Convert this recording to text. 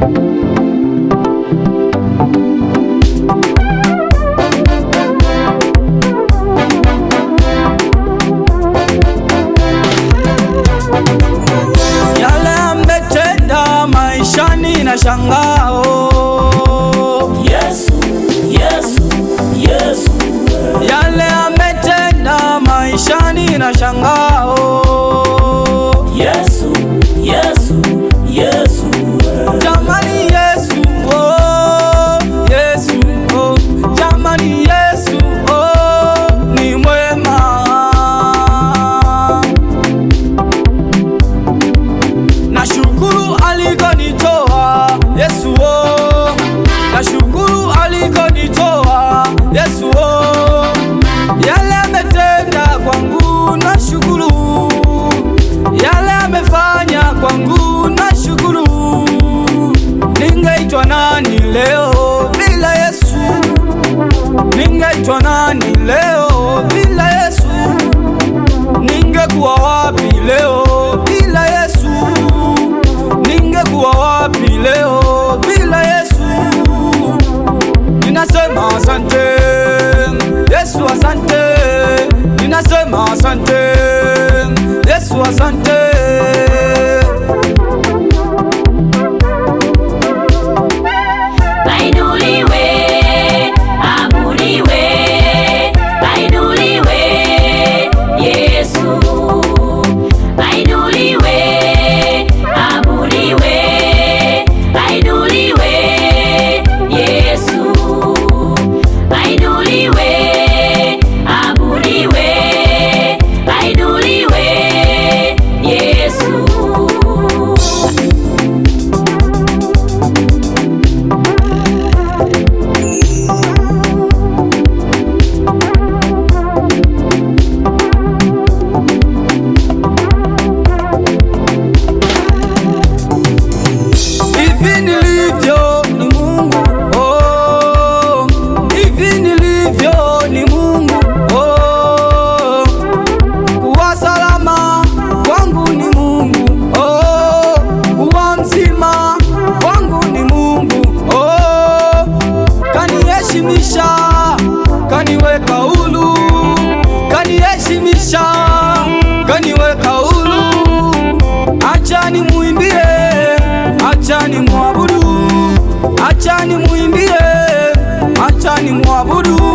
Thank you. leo bila Yesu? Ningekuwa wapi leo bila Yesu? Ningekuwa wapi leo bila Yesu? Ninasema asante Yesu, asante. Ninasema asante Yesu, asante kaniwekaulu, kaniheshimisha, kaniwekaulu. Acha nimuimbie, acha nimwabudu, acha nimuimbie, acha nimwabudu